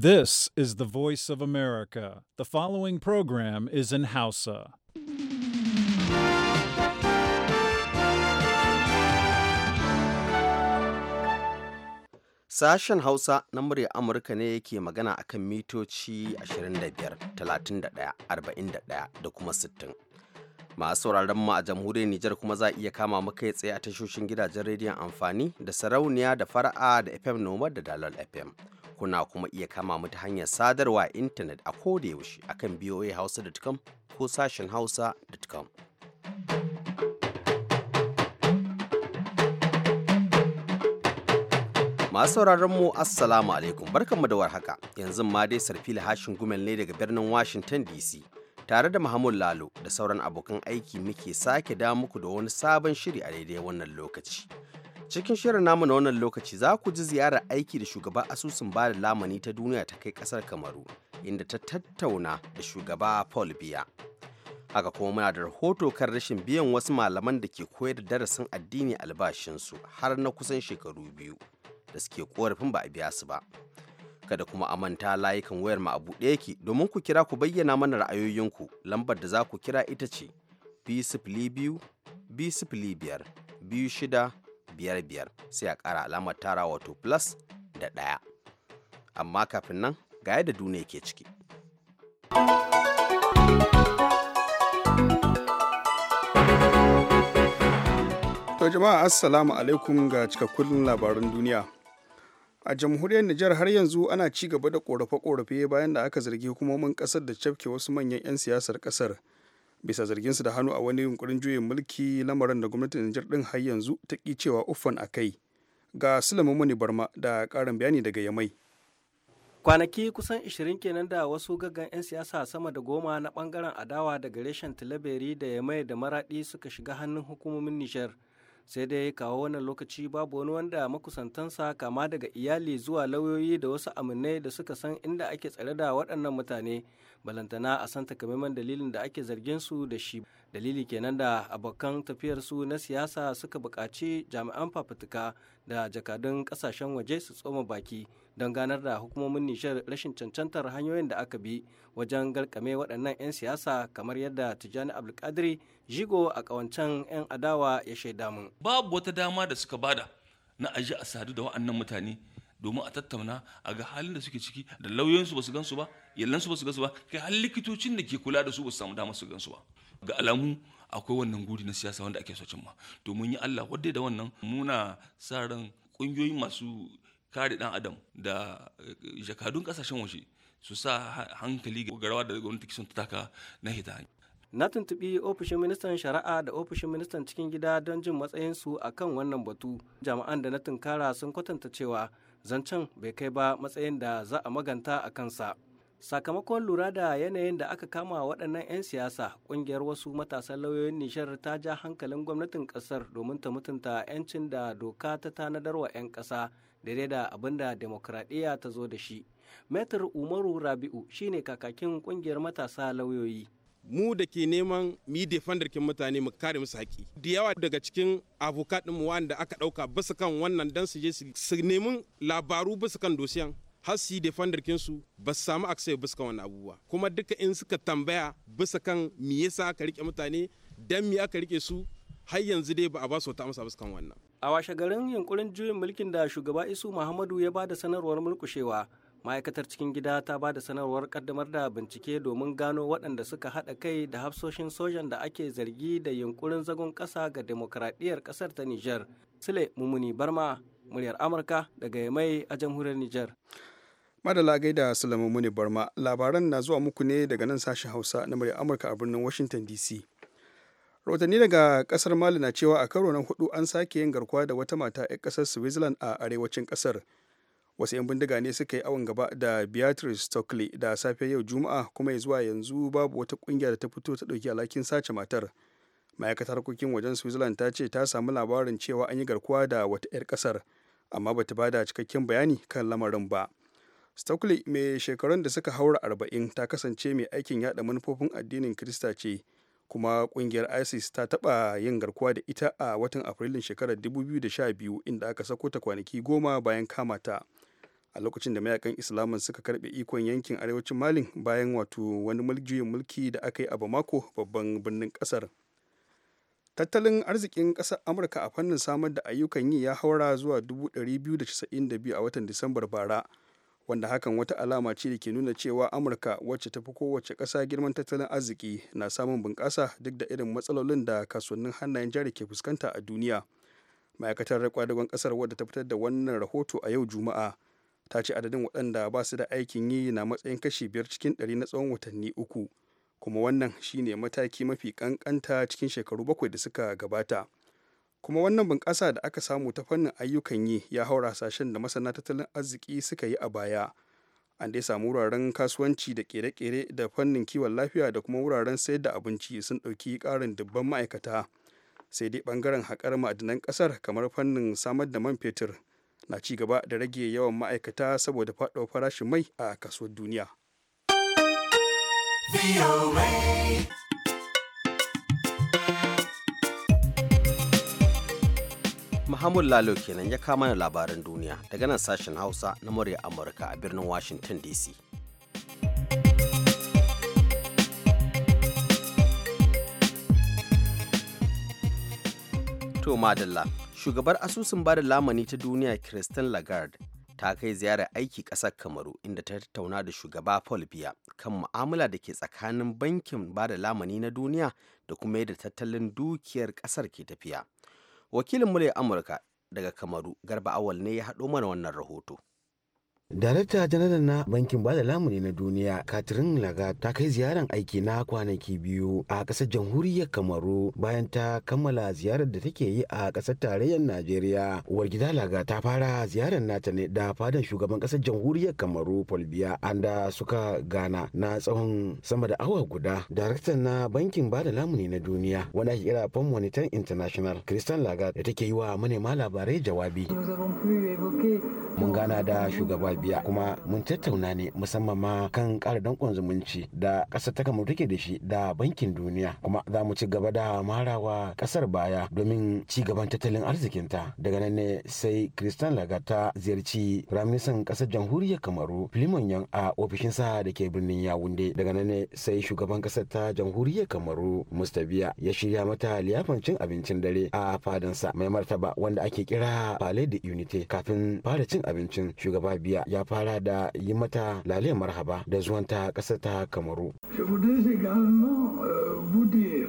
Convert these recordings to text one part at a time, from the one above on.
This is the voice of America. The following program is in Hausa. Sashen Hausa na murya Amurka ne yake magana a kan mitoci 25, 31, 41 da kuma 60. masu sauraron mu a jamhuriyar Nijar kuma za a iya kama maka ya tsaye a tashoshin gidajen rediyon amfani da sarauniya da fara'a da FM Nomad da Dalal FM. kuna kuma iya kama mu ta hanyar sadarwa intanet a koda yaushe akan hausa.com ko sashen hausa.com Masu sauraron mu Assalamu alaikum barkanmu da warhaka yanzu ma dai sarfila hashin gumel ne daga birnin Washington DC tare da Muhammad Lalo da sauran abokan aiki muke sake da muku da wani sabon shiri a daidai wannan lokaci. Cikin shirin namu na wannan lokaci za ku ji ziyarar aiki da shugaba asusun ba da lamani ta duniya ta kai kasar Kamaru, inda ta tattauna da shugaba Paul Biya. Haka kuma muna da rahoto kan rashin biyan wasu malaman da ke koyar da darasin addini albashinsu har na kusan shekaru biyu da suke korafin ba a biya su ba. kada kuma a manta layukan wayar mu a buɗe yake domin ku kira ku bayyana mana ra'ayoyinku lambar da za ku kira ita ce b biyu b biyar biyu shida biyar biyar sai a ƙara alamar tara wato plus da ɗaya amma kafin nan ga da duniya ke ciki to jama'a assalamu alaikum ga cikakkun labaran duniya a jamhuriyar Nijar har yanzu ana ci gaba da ƙorafe-ƙorafe bayan da aka zargi hukumomin ƙasar da cafke wasu manyan 'yan siyasar ƙasar. bisa zargin su da hannu a wani yunkurin juyin mulki lamarin da gwamnatin Nijar din har yanzu ta ki cewa uffan a kai. Ga Sulaiman Muni Barma da karin bayani daga Yamai. Kwanaki kusan 20 kenan da wasu gaggan 'yan siyasa sama da goma na bangaren adawa daga reshen Tilaberi da Yamai da Maradi suka shiga hannun hukumomin Nijar. sai dai kawo wannan lokaci babu wani wanda makusantansa kama daga iyali zuwa lauyoyi da wasu aminai da suka san inda ake tsare da waɗannan mutane balantana a san takamaiman dalilin da ake zargin su da shi dalili kenan da abokan tafiyar su na siyasa suka buƙaci jami'an fafutuka da jakadun ƙasashen waje su tsoma baki don ganar da hukumomin Nijar rashin cancantar hanyoyin da aka bi wajen garkame waɗannan 'yan siyasa kamar yadda Tijjani Abdulkadiri jigo a ƙawancen 'yan adawa ya shaida mun. Babu wata dama da suka bada na aji a sadu da wa'annan mutane domin a tattauna a ga halin da suke ciki da lauyoyinsu ba su gansu ba yallansu ba su gansu ba kai har likitocin da ke kula da su ba su samu dama su gansu ba ga alamu akwai wannan guri na siyasa wanda ake so cimma domin yi Allah wadda da wannan muna sa ran kungiyoyi masu kare dan adam da eh, jakadun kasashen waje su sa hankali ga rawa da gwamnati sun taka na hita na tuntubi ofishin ministan shari'a da ofishin ministan cikin gida don jin matsayinsu a kan wannan batu jami'an da na tunkara sun kwatanta cewa zancen bai kai ba matsayin da za a maganta a kansa sakamakon lura da yanayin da aka kama waɗannan 'yan siyasa ƙungiyar wasu matasan lauyoyin nishar ta ja hankalin gwamnatin ƙasar domin ta mutunta 'yancin da doka ta tanadarwa 'yan ƙasa daidai da abin da demokuraɗiyya ta zo da shi metar umaru rabi'u shine kakakin kungiyar matasa lauyoyi mu da ke neman yi defender kin mutane mu kare musu haƙi da yawa daga cikin avocat mu wanda aka ɗauka bisa kan wannan dan su je su nemi labaru bisa kan dosiyan har su yi defender su ba su samu access basu kan wannan abubuwa kuma duka in suka tambaya bisa kan me yasa aka riƙe mutane dan me aka riƙe su har yanzu dai ba a ba su wata amsa basu kan wannan a washe garin yunkurin juyin mulkin da shugaba isu muhammadu ya ba da sanarwar mulkushewa ma'aikatar cikin gida ta ba da sanarwar kaddamar da bincike domin gano waɗanda suka haɗa kai da hafsoshin sojan da ake zargi da yunkurin zagon ƙasa ga demokradiyyar ƙasar ta nijar sule mumuni barma muryar amurka daga yamai a jamhuriyar nijar madala gaida sule mumuni barma labaran na zuwa muku ne daga nan sashen hausa na muryar amurka a birnin washington dc rahotanni daga kasar mali na cewa a karo na hudu an sake yin garkuwa da wata mata 'yan kasar switzerland a arewacin kasar wasu 'yan bindiga ne suka yi awon gaba da beatrice stockley da safiya yau juma'a kuma ya zuwa yanzu babu wata kungiya da ta fito ta ɗauki alhakin sace matar ma'aikatar harkokin wajen switzerland ta ce ta samu labarin cewa an yi garkuwa da wata 'yar kasar amma bata bada cikakken bayani kan lamarin ba stockley mai shekarun da suka haura arba'in ta kasance mai aikin yada manufofin addinin kirista ce kuma kungiyar isis ta taba yin garkuwa da ita a watan afrilun shekarar 2012 inda aka sako ta kwanaki goma bayan kamata, a lokacin da mayakan islamun suka karbe ikon yankin arewacin malin bayan wato wani juyin mulki da aka yi a bamako babban birnin kasar tattalin arzikin kasar amurka a fannin samar da ayyukan yi ya haura zuwa 292 a watan disambar bara wanda hakan wata alama ce da ke nuna cewa amurka wacce ta fi kowace ƙasa girman tattalin arziki na samun bunƙasa duk da irin matsalolin da kasuwannin hannayen jari ke fuskanta a duniya ma'aikatar kwadagon ƙasar wadda ta fitar da wannan rahoto a yau juma'a ta ce adadin waɗanda ba su da aikin yi na matsayin kashi biyar cikin ɗari na tsawon watanni uku kuma wannan shine mataki mafi ƙanƙanta cikin shekaru bakwai da suka gabata kuma wannan bunƙasa da aka samu ta fannin ayyukan yi ya haura hasashen da masana tattalin arziki suka yi a baya an dai samu wuraren kasuwanci da kere-kere da fannin kiwon lafiya da kuma wuraren sayar da abinci sun ɗauki ƙarin dubban ma'aikata sai dai ɓangaren haƙar ma'adinan ƙasar kamar fannin samar da man fetur na ci gaba da rage yawan ma'aikata saboda faɗawa farashin mai a kasuwar duniya. Muhammad Lalo kenan ya kama na labaran duniya daga nan sashen Hausa na murya Amurka a birnin Washington DC. To madalla, shugabar asusun bada lamani ta duniya Christine Lagarde ta kai ziyarar aiki ƙasar Kamaru inda ta tattauna da shugaba Paul Biya kan mu'amala da ke tsakanin bankin bada lamani na duniya da kuma yadda tattalin dukiyar ƙasar ke tafiya. wakilin murya amurka daga kamaru garba awal ne ya haɗo mana wannan rahoto Darakta janaral na bankin bada lamuni na duniya Catherine Lagarde ta kai ziyaran aiki na kwanaki biyu a ƙasar jamhuriyar Kamaru bayan ta kammala ziyarar da take yi a ƙasar tarayyar Najeriya. Uwar gida Lagarde ta fara ziyarar nata ne da fadan shugaban ƙasar jamhuriyar Kamaru falbiya anda suka gana na tsawon sama da awa guda. Daraktan na bankin bada lamuni na duniya wanda ake kira Fund Monitor International Christian Lagarde da take yi wa manema labarai jawabi. Mun gana da shugaban biya kuma mun tattauna ne musamman ma kan kara dankon zumunci da ƙasar ta kamar take da shi da bankin duniya kuma za mu ci gaba da marawa ƙasar baya domin ci gaban tattalin arzikinta daga nan ne sai Christian Lagata ziyarci firaministan ƙasar jamhuriyar Kamaru Filimon Yan a sa da ke birnin Yawunde daga nan ne sai shugaban ƙasar ta jamhuriyar Kamaru Mustabiya ya shirya mata liyafan cin abincin dare a fadansa mai martaba wanda ake kira Palais de Unité kafin fara cin abincin shugaba biya ya fara da yi mata lale marhaba da zuwanta kasar ta kamaru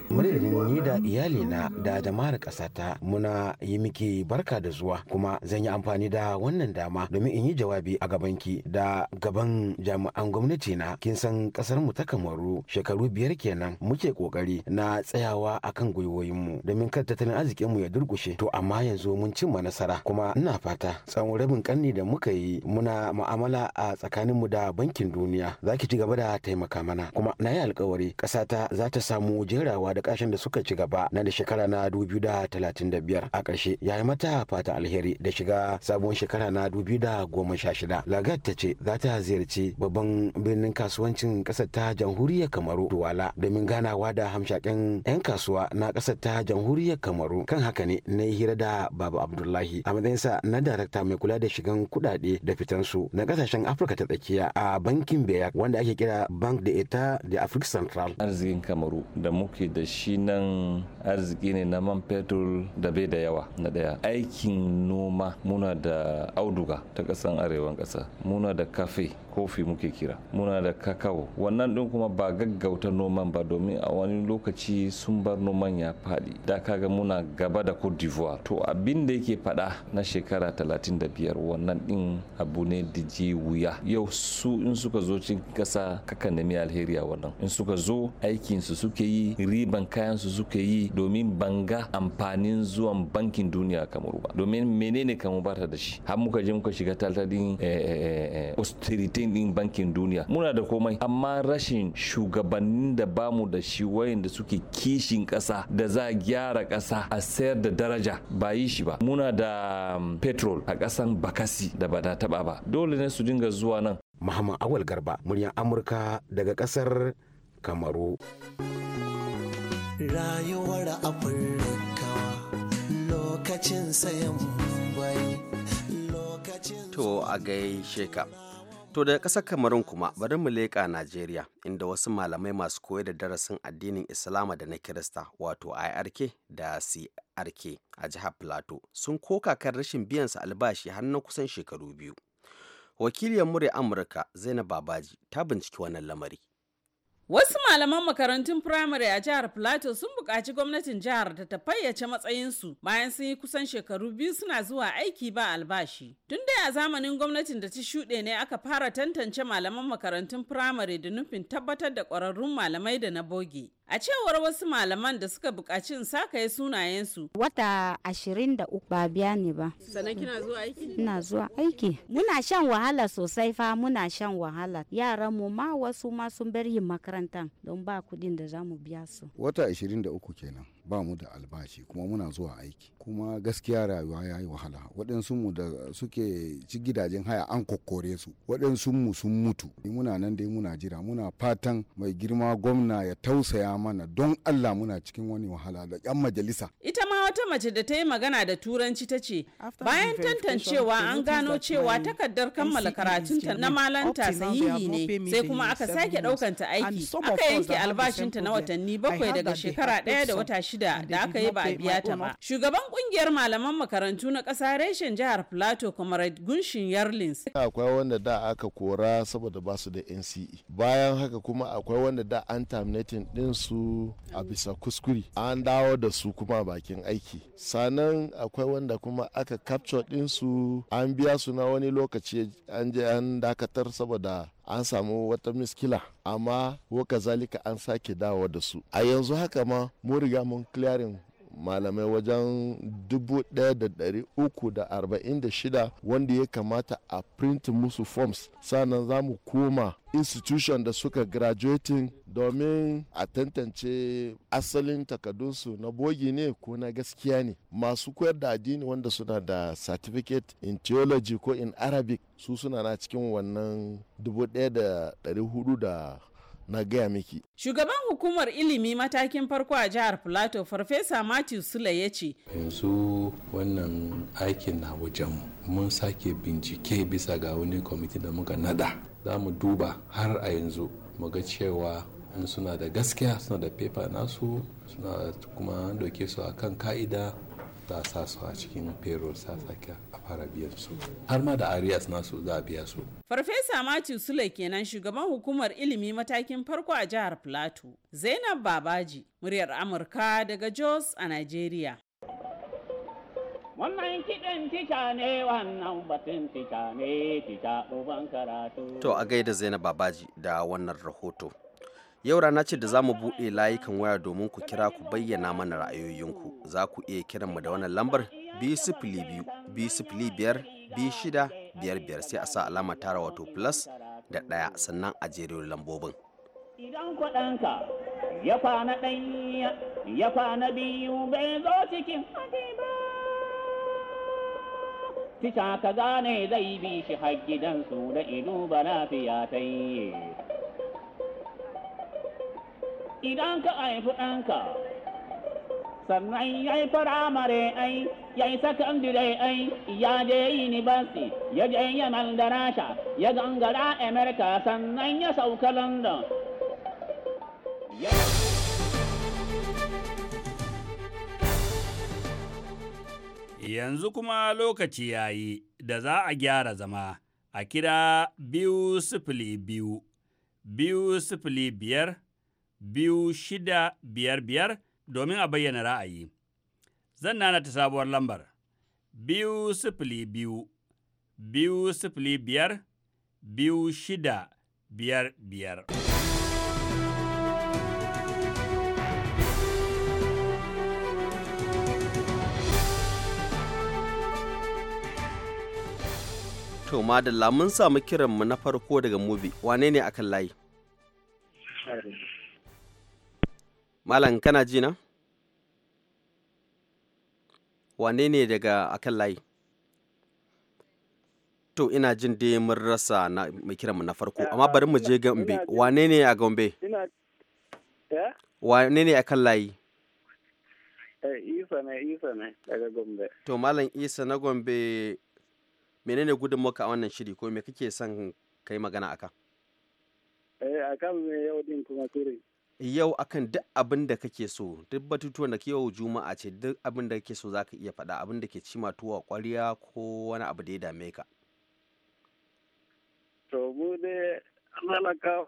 madadin ni da iyali na da jama'ar ƙasata muna yi miki barka da zuwa kuma zan yi amfani da wannan dama domin in yi jawabi a gabanki da gaban jami'an gwamnati na kin san ƙasar mu ta kamaru shekaru biyar kenan muke kokari na tsayawa akan gwiwoyinmu domin kar tattalin arzikin mu ya durkushe to amma yanzu mun cimma nasara kuma ina fata tsawon rabin kanni da muka yi muna mu'amala a tsakaninmu da bankin duniya za ki ci gaba da taimaka mana kuma na yi alkawari ƙasa ta za ta samu jerawa da ƙashin da suka ci gaba na da shekara na 2035 a ƙarshe ya yi mata fata alheri da shiga sabon shekara na 2016 sha shida lagat ta ce za ta ziyarci babban birnin kasuwancin ƙasar ta jamhuriyar kamaru duwala domin ganawa da hamshakin 'yan kasuwa na ƙasar ta jamhuriyar kamaru kan haka ne na yi hira da baba abdullahi a matsayinsa na darakta mai kula da shigan kuɗaɗe da fitansu su na kasashen afirka ta tsakiya a bankin beyak wanda ake kira bank da ita da afirka central arzikin kamaru da muke da shi nan arziki ne na man fetur da bai da yawa na daya aikin noma muna da auduga ta kasan arewan kasa muna da kafe kofi muke kira muna da kakao wannan din kuma ba gaggauta noman ba domin a wani lokaci sun bar noman ya faɗi da kaga muna gaba da cote d'ivoire to abin da yake fada na shekara talatin da biyar wannan din abu ne da je wuya yau su in suka zo cikin kasa kaka nemi alheri a wannan in suka zo aikin su suke yi riban kayan su suke yi domin banga amfanin zuwan bankin duniya kamaru ba domin menene kamar ba ta da shi har muka je muka shiga tattalin eh, eh, eh, austerity 2018 din bankin duniya muna da komai amma rashin shugabannin da bamu da shi wayanda suke kishin ƙasa da za a gyara ƙasa a sayar da daraja ba yi shi ba muna da um, petrol a ƙasan bakasi da ba ta taɓa ba dole ne su dinga zuwa nan Muhammad Awal Garba muryar Amurka daga ƙasar Kamaru. Rayuwar Afirka lokacin sayan bai lokacin To a gaishe ka. To da ƙasar Kamarun kuma bari mu leƙa Najeriya inda wasu malamai masu koyar da darasin addinin Islama da na Kirista wato IRK da CRK a jihar Plateau sun koka kan rashin biyan su albashi har na kusan shekaru biyu. Wakiliyar murya Amurka Zainab Babaji ta binciki wannan lamari. Wasu malaman makarantun firamare a jihar Plateau sun buƙaci gwamnatin jihar da ta fayyace matsayinsu bayan sun yi kusan shekaru biyu suna zuwa aiki ba albashi. Tun dai a zamanin gwamnatin da ta shuɗe ne aka fara tantance malaman makarantun firamare da nufin tabbatar da ƙwararrun malamai da na boge. A cewar wasu malaman da suka bukaci sakaye sunayensu. Wata ashirin da uku ba biya ne ba. Sannan kina zuwa aiki? Ina zuwa aiki. Muna shan wahala sosai fa muna shan wahala. Yaran mu ma wasu ma sun bar yin makarantan don ba kuɗin da za mu biya su. Wata ashirin da uku kenan. ba mu da albashi kuma muna zuwa aiki kuma gaskiya rayuwa ya yi wahala waɗansu mu da suke ci gidajen haya an kokkore su waɗansu mu sun mutu muna nan dai muna jira muna fatan mai girma gwamna ya tausaya mana don Allah muna cikin wani wahala da yan majalisa ita ma wata mace da ta yi magana da turanci ta ce bayan tantancewa an gano cewa takardar kammala karatunta na malanta sahihi ne sai kuma aka sake ɗaukanta aiki aka yanke albashinta na watanni bakwai daga shekara ɗaya da wata shida da aka yi ba a biya ta ba. Shugaban kungiyar malaman makarantu na kasa reshen jihar Plateau Comrade Gunshin Yarlins. Akwai wanda da aka kora saboda ba su da NCE. Bayan haka kuma akwai wanda da an terminating din su a bisa kuskure. An dawo da su kuma bakin aiki. Sannan akwai wanda kuma aka capture din su an biya su na wani lokaci an je an dakatar saboda an samu wata miskila amma wa kazalika an sake dawo da su a yanzu haka ma mun riga mun clearing malamai wajen 1346 wanda ya kamata a print musu forms sannan za mu koma institution da suka graduating domin a tantance asalin takardunsu na bogi ne ko na gaskiya ne masu koyar da addini wanda suna da certificate in theology ko in arabic su suna na cikin wannan 1400 na gaya miki. Shugaban hukumar ilimi matakin farko a jihar Filato Farfesa Matthew Sule ya ce. Yanzu wannan aikin na wajen mun sake bincike bisa ga wani kwamiti da muka nada. Za mu duba har a yanzu mu ga cewa in suna da gaskiya suna da pepa nasu suna kuma doke su a kan ka'ida ta sa su a cikin payroll sa fara biyan su har ma da arias nasu za a biya su farfesa matthew sule kenan shugaban hukumar ilimi matakin farko a jihar plateau zainab babaji muryar amurka daga jos a nigeria Wannan kiɗan tica ne wannan batun tica ne tica uban karatu. To a gaida Zainab Babaji da wannan rahoto. Yau rana ce da za mu buɗe layukan waya domin ku kira ku bayyana mana ra'ayoyinku. Za ku iya kiranmu da wannan lambar biyar sai a sa alama tara wato plus da ɗaya sannan a jerin lambobin. Idan kuɗinka ya kwana ɗanya ya kwana biyu bai zo cikin ba. Tisha ka gane zai bi shi har gidansu da ido ba lafiya ta yi. Idan ka haifi ɗanka sannan ya yi firamare ai yaisa sakandire dire ai ya je yinibasi ya je nan da rasha ya gangara amerika sannan ya sauka london yanzu kuma lokaci ya yi da za a gyara zama a kira biyu sifili biyu biyu sifili biyar biyu shida biyar biyar domin a bayyana ra'ayi Zan nana ta sabuwar lambar biyu sifili biyu, biyu sifili biyar, biyu shida biyar biyar. To madalla mun samu kiranmu na farko daga mubi wane ne akan layi? Malam kana ji na? wane ne daga akan layi to ina jin dai mun rasa na mai kiranmu na farko amma bari mu je gombe wane ne a gombe eh? wane ne akan layi eh, isa ne isa ne daga gombe to malam isa na gombe menene maka a wannan shiri ko me kake son kai magana akan eh akan yau din kuma kuri yau akan duk abin da kake so duk batutuwan da yau juma'a ce duk abin da kake so za ka iya faɗa abin da ke cima tuwa ƙwarya ko wani abu da ya dame ka to mu ne malaka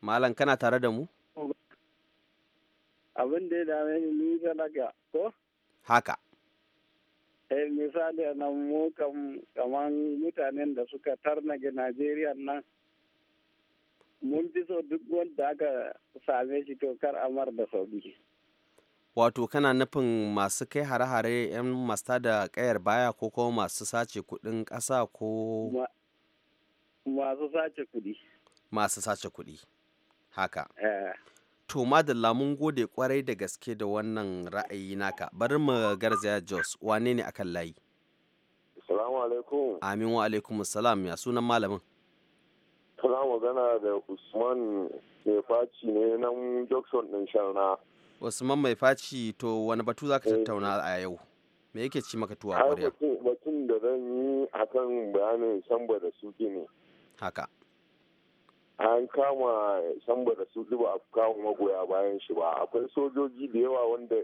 malam kana tare da mu abin da ya dame ni ni talaka ko haka eh misali nan mu kaman mutanen da suka tarnage najeriya nan mun fi so duk wanda aka same shi to kar amar da sauki wato kana nufin masu kai hare-hare 'yan masta da kayar baya ko kuma masu sace kudin ƙasa ko masu sace kudi masu sace kudi haka eh. to madalla mun gode kwarai da gaske da wannan ra'ayi naka bari mu garzaya jos wane ne akan layi salamu alaikum amin wa alaikum salam ya sunan malamin tana magana da Usman mai faci ne nan Jackson ɗin Sharna. Usman mai faci to wani batu za ka eh. tattauna a yau? Me yake ci maka tuwa ƙwarya? Batun da zan yi akan bayanin samba da suke ne. Haka. an kama samba da su ba a kama magoya bayan shi ba akwai sojoji da yawa wanda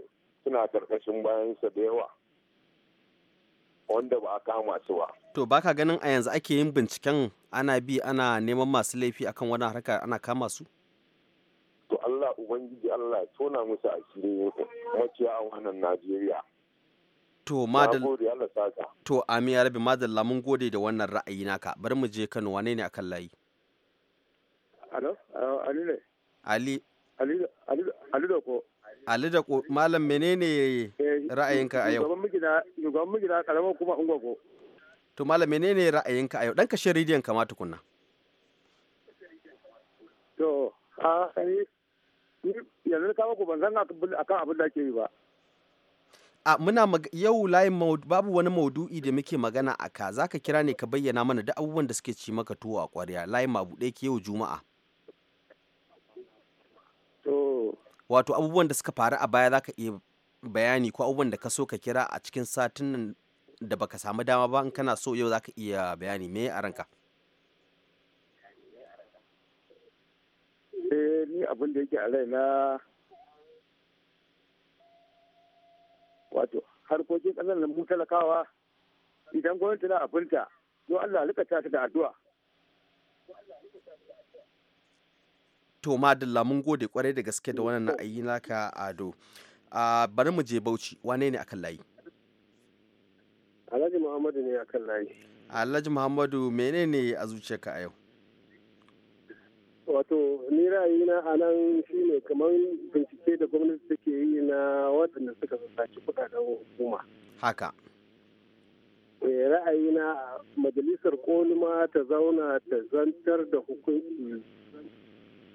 suna karkashin sa da yawa wanda ba a kama su ba. To baka ganin a yanzu ake yin binciken ana bi ana neman masu laifi akan wani harka ana kama su? To Allah Ubangiji Allah ya tona musu cire maciya a wannan Najeriya. To madal To Ami Rabi madalla mun gode da wannan ra'ayi naka. Bari mu je Kano wane ne akan layi? Alo, eh, Ali ne. Ali. Ali Ali Ali da ko. Ali da ko malam menene ra'ayinka a yau shugaban migina karama kuma ungwago to malam menene ra'ayinka a yau dan kashe rediyon kama tukunna to a ni yanzu ka ku ban san akan abin da ake yi ba a muna yau layin babu wani maudu'i da muke magana a ka za ka kira ne ka bayyana mana duk abubuwan da suke ci maka tuwo a kwarya layin mabuɗe ke yau juma'a wato abubuwan da suka faru a baya za ka iya bayani ko abubuwan da ka so ka kira a cikin satin nan da baka samu dama ba in kana so yau za ka iya bayani me a ranka eh ni abin da yake a raina wato harkokin ƙasar da mun talakawa idan gwamnati na abinta don Allah rika ta da addu'a to madalla mun gode kwarai da gaske da wannan ayi naka ado a ah, bari mu je bauchi wane ne akan layi alhaji muhammadu ne akan layi alhaji muhammadu menene a zuciyarka a yau wato ni ra'ayina a nan shine kamar bincike da gwamnati take yi na waɗanda suka saci kuɗaɗen hukuma haka eh, ra'ayina majalisar ƙonuma ta zauna ta zantar da hukunci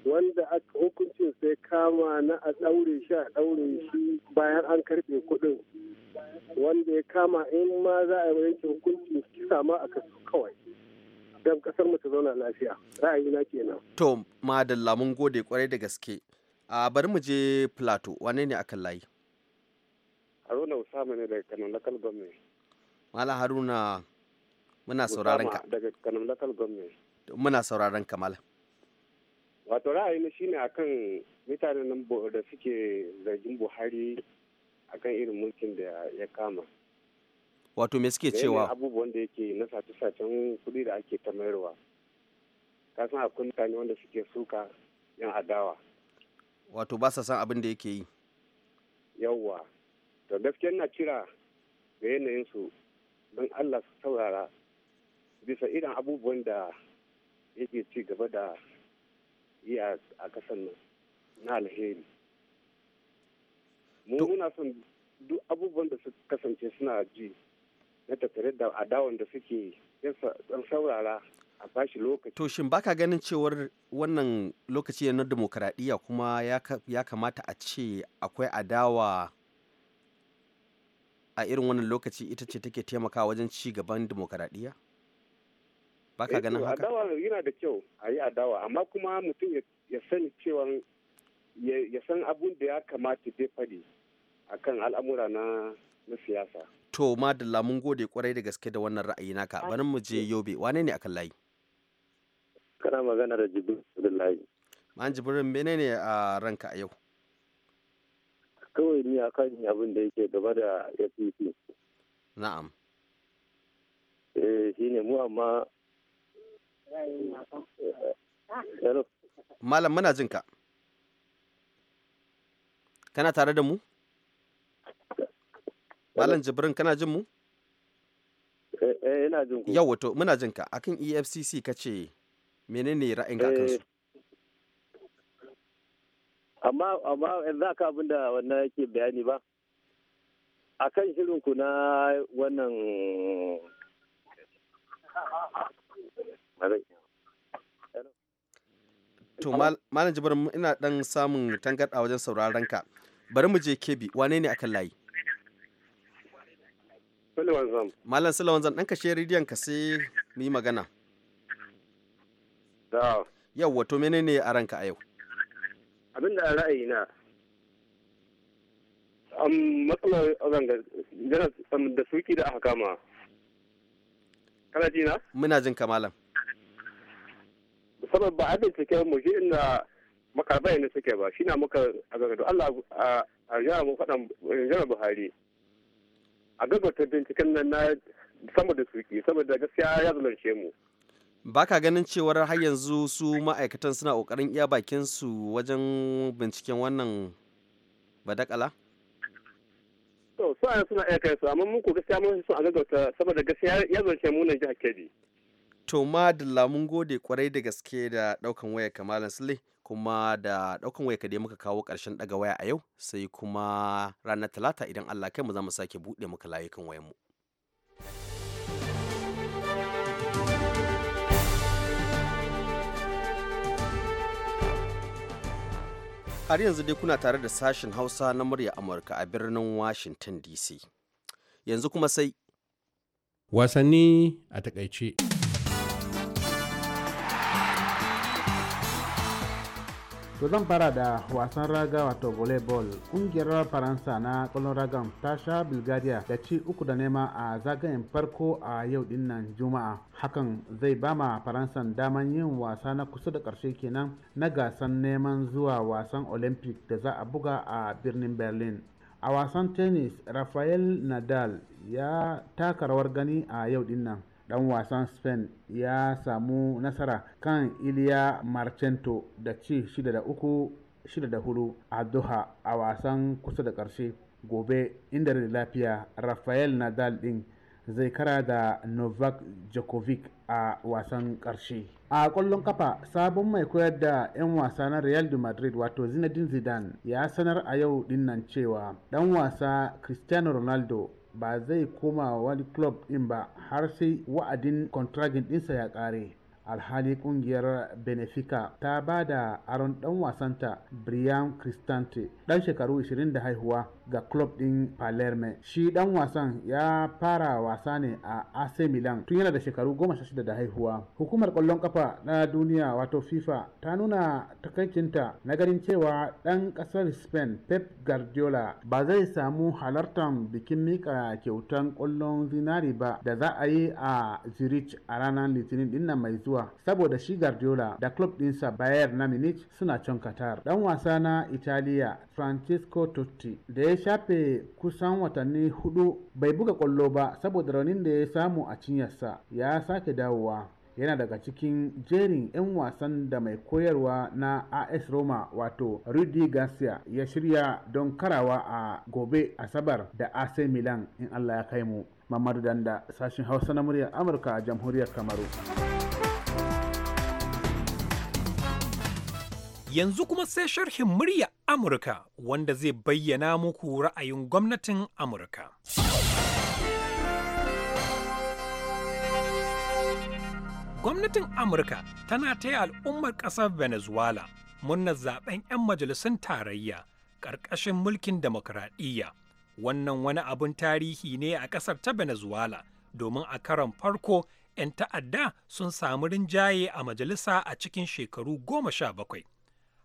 wanda aka hukuncin sai kama na a ɗaure shi a ɗaure shi bayan an karɓe kuɗin wanda ya kama in ma za a yanke hukuncin kisa ma a kasu kawai don kasar mu ta zauna lafiya ra'ayina kenan to madalla mun gode kwarai da gaske a bari mu je plateau wane ne akan layi haruna usama ne daga kanan lakal government mala haruna muna sauraron ka daga kanan local government muna sauraron ka mala. wato ra'ayina shine akan mutanen nan da suke zargin buhari akan irin mulkin da ya kama wato me suke cewa abubuwan da yake na sace-sacen kuɗi da ake ta mayarwa ka san akwai mutane wanda suke suka yan adawa wato ba sa san abin da yake yi yawwa to gaskiya na kira ga yanayinsu don allah su saurara bisa irin abubuwan da yake ci gaba da yi a kasan nan na alheri mu muna son duk abubuwan da suka kasance suna ji na tattare da adawan da suke yan saurara a bashi lokaci. To shin baka ganin cewar wannan lokaci na demokradiyya kuma ya kamata a ce akwai adawa a irin wannan lokaci ita ce take taimakawa wajen ci gaban demokradiyya baka eh ganin haka adawa yana da kyau a yi adawa amma kuma mutum ya sani cewa ya san abun da ya kamata dai faɗi akan al'amura na na siyasa to madalla mun gode kwarai da gaske da wannan ra'ayi naka bari mu je yobe wane ne akan layi kana magana da jibril abdullahi an jibirin menene a ranka a yau kawai ni akan abin da yake gaba da fcc na'am eh shine mu amma Malam muna jin ka. Kana tare da mu? Malam Jibrin kana jin mu? Eh, eh ina jin ku. Yau wato muna jin ka. Akan EFCC ka ce menene ra'ayin ka kansu? Eh, amma amma za ka abin da wannan yake bayani ba. Akan shirin ku na wannan To Malam Jibar ina dan samun tangarɗa wajen sauraron ka. Bari mu je Kebi, wane ne akan layi? Malam Sulawan Zan, ɗan kashe rediyon ka sai mu yi magana. Yau wato menene a ranka a yau? ra'ayi na matsalar da suki da aka kama. Kana ji na? Muna jin ka malam. saboda ba abin suke mu shi inda makarbai ne suke ba shi na muka a gagado Allah a jihar mu faɗan jihar Buhari a gaggauta binciken nan na sama da suki saboda gaskiya ya zalance mu ka ganin cewar har yanzu su ma'aikatan suna kokarin iya bakin su wajen binciken wannan badakala to su suna iya kai su amma mun ku gaskiya mun su a gaggauta saboda gaskiya ya zalunce mu nan jihar Kebbi to da lamun gode kwarai da gaske da daukan waya kamalan sule kuma da daukan waya kade muka kawo karshen daga waya a yau sai kuma ranar talata idan allah kai mu za mu sake buɗe muka layukan wayanmu. mu har yanzu dai kuna tare da sashen hausa na murya amurka a birnin washington dc yanzu kuma sai wasanni a takaice. to zan fara da wasan raga wato volleyball kungiyar faransa na kwallon ragan ta sha bulgaria da ci uku da nema a zagayen farko a yau din juma'a hakan zai ba ma faransan daman yin wasa na kusa da ƙarshe kenan na gasan neman zuwa wasan olympic da za a buga a birnin berlin a wasan tennis rafael nadal ya taka rawar gani a yau din dan wasan spain ya samu nasara kan iliya marchento da ci 6 3 4 a doha a wasan kusa da ƙarshe gobe inda da lafiya rafael nadal din zai kara da novak djokovic a wasan ƙarshe a ƙwallon kafa sabon mai koyar da 'yan wasa na real de madrid wato zinedine zidane ya sanar a yau dinnan cewa dan wasa cristiano ronaldo ba zai koma wani club ɗin ba har sai wa'adin contracting ɗinsa ya ƙare alhali kungiyar benefica ta ba da aron dan wasanta brian cristante dan shekaru 20 da haihuwa ga club din Palermo. Shi dan wasan ya fara wasa ne a AC Milan tun yana da shekaru 16 da haihuwa. Hukumar kwallon kafa na duniya wato FIFA ta nuna takaicinta na ganin cewa dan kasar Spain Pep Guardiola ba zai samu halartar bikin mika kyautan kwallon zinari ba da za a yi a Zurich a ranar Litinin din mai zuwa saboda shi Guardiola da club dinsa Bayern na Munich suna can katar Dan wasa na Italiya Francesco Totti da ya shafe kusan watanni hudu bai buga kwallo ba saboda raunin da ya samu a cinyarsa ya sake dawowa yana daga cikin jerin 'yan wasan da mai koyarwa na AS Roma wato Rudy Garcia ya shirya don karawa a gobe Asabar da AC Milan in Allah ya kai mu. Mamadu Danda sashen Hausa na muryar Amurka a jamhuriyar Kamaru. Yanzu kuma sai sharhin murya Amurka wanda zai bayyana muku ra'ayin gwamnatin Amurka. Gwamnatin Amurka tana taya al'ummar ƙasar Venezuela murnar zaben 'yan majalisun tarayya ƙarƙashin mulkin demokradiyya. Wannan wani abun tarihi ne a ƙasar ta Venezuela domin a karon farko 'yan ta'adda sun samu rinjaye a majalisa a cikin shekaru goma sha bakwai.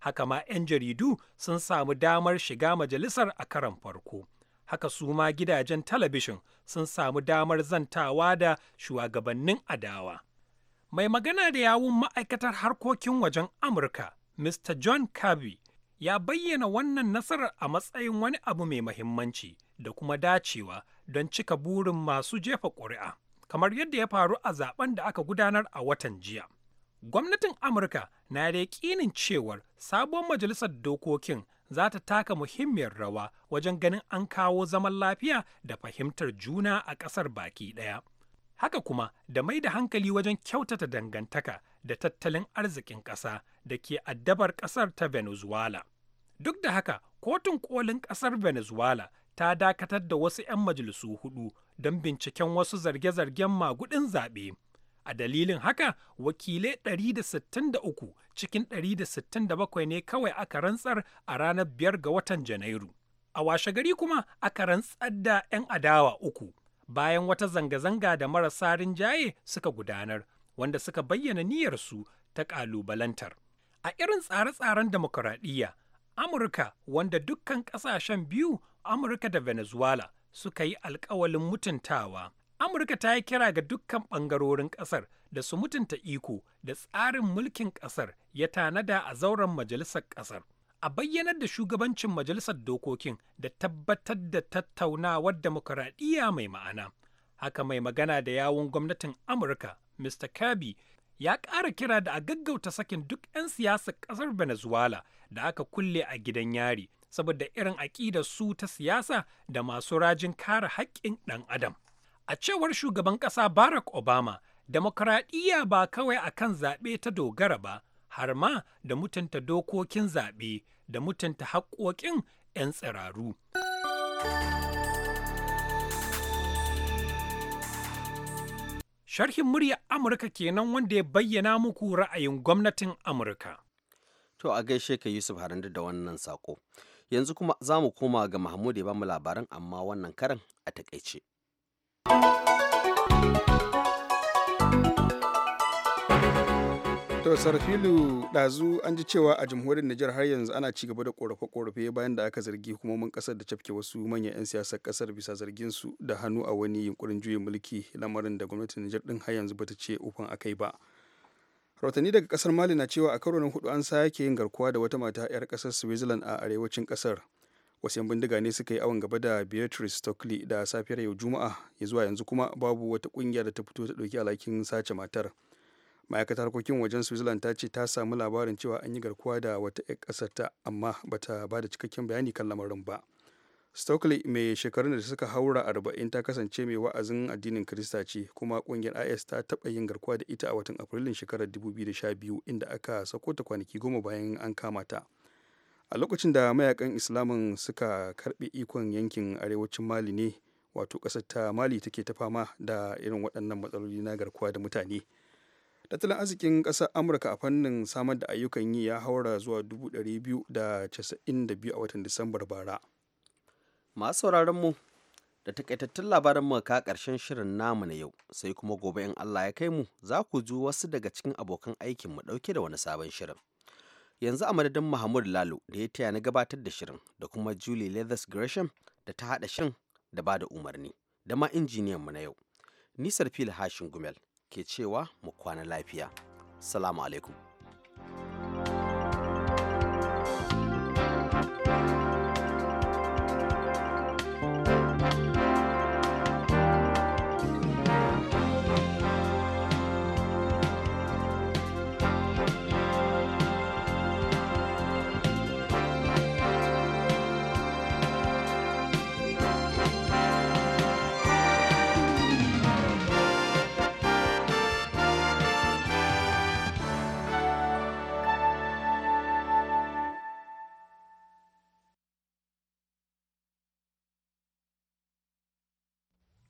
haka ma 'yan jaridu sun samu damar shiga majalisar a karan farko haka su ma gidajen talabishin sun samu damar zantawa da shugabannin adawa mai magana da yawun ma'aikatar harkokin wajen amurka mr john kirby ya bayyana wannan nasarar a matsayin wani abu mai mahimmanci da kuma dacewa don cika burin masu jefa ƙuri'a kamar yadda ya faru a zaben da aka gudanar a watan jiya gwamnatin amurka na da yaƙinin cewar sabon majalisar dokokin za ta taka muhimmiyar rawa wajen ganin an kawo zaman lafiya da fahimtar juna a ƙasar baki ɗaya haka kuma da mai da hankali wajen kyautata dangantaka da tattalin arzikin ƙasa da ke addabar ƙasar ta venezuela duk da haka kotun kolin ƙasar venezuela ta dakatar da wasu 'yan majalisu hudu don binciken wasu zarge-zargen magudin zaɓe A dalilin haka, wakilai 163 cikin 167 ne kawai aka rantsar a ranar 5 ga watan Janairu. A washe gari kuma aka rantsar da 'yan adawa uku bayan wata zanga-zanga da marasa rinjaye suka gudanar, wanda suka bayyana niyyarsu ta ƙalubalantar. A irin tsare-tsaren demokuraɗiyya, Amurka wanda dukkan ƙasashen biyu Amurka da Venezuela suka yi alkawalin mutuntawa Amurka ta yi kira ga dukkan ɓangarorin ƙasar da su mutunta iko da tsarin mulkin ƙasar ya tanada a zauren majalisar ƙasar. A bayyanar da shugabancin majalisar dokokin da tabbatar da tattaunawar demokuraɗiyya mai ma'ana. Haka mai magana da yawun gwamnatin Amurka, Mr. Kirby, ya ƙara kira da a gaggauta sakin duk 'yan siyasar ƙasar Venezuela da aka kulle a gidan yari saboda irin aƙidar su ta siyasa da masu rajin kare haƙƙin ɗan adam. A cewar shugaban ƙasa Barack Obama, demokradiyya ba kawai a kan zaɓe ta dogara ba, har ma da mutunta dokokin zaɓe da mutunta haƙƙoƙin 'yan tsiraru. Sharhin murya Amurka kenan wanda ya bayyana muku ra'ayin gwamnatin Amurka. To a gaishe ka Yusuf Harandu da wannan sako Yanzu kuma za mu koma ga Mahmud ya ba mu labaran amma wannan karan a takaice. to sarfilu ɗazu an ji cewa a jamhuriyar Nijar har yanzu ana ci gaba da korafe-korafe bayan da aka zargi hukumomin kasar da cafke wasu manyan 'yan siyasar ƙasar bisa zargin su da hannu a wani yunkurin juyin mulki lamarin da gwamnatin Nijar din har yanzu bata ce ufan akai ba. Rautani daga kasar mali na cewa a karo na hudu an sake yin garkuwa da wata mata 'yar kasar switzerland a arewacin kasar wasu 'yan bindiga ne suka yi awon gaba da beatrice stockley da safiyar yau juma'a ya zuwa yanzu kuma babu wata kungiya da ta fito ta ɗauki alhakin sace matar ma'aikatar harkokin wajen switzerland ta ce ta samu labarin cewa an yi garkuwa da wata 'yan ta amma bata ba da cikakken bayani kan lamarin ba stockley mai shekarun da suka haura arba'in ta kasance mai wa'azin addinin kirista ce kuma kungiyar is ta taɓa yin garkuwa da ita a watan afrilun shekarar 2012 inda aka sako ta kwanaki goma bayan an kama ta a lokacin da mayakan islamin suka karbe ikon yankin arewacin mali ne wato ƙasar ta mali take ta fama da irin waɗannan matsaloli na garkuwa da mutane tattalin arzikin ƙasar amurka a fannin samar da ayyukan yi ya haura zuwa 292 a watan disambar bara masu sauraron mu da takaitattun labarin mu ka karshen shirin namu na yau sai kuma gobe in Allah ya kai mu za ku ji wasu daga cikin abokan aikin mu dauke da wani sabon shirin yanzu a madadin mahmud lalo da ya taya na gabatar da shirin da kuma julie leathers gresham da ta haɗa shirin da ba da umarni da ma injiniyan mu na yau nisar fili hashin gumel ke cewa mu kwana lafiya salamu alaikum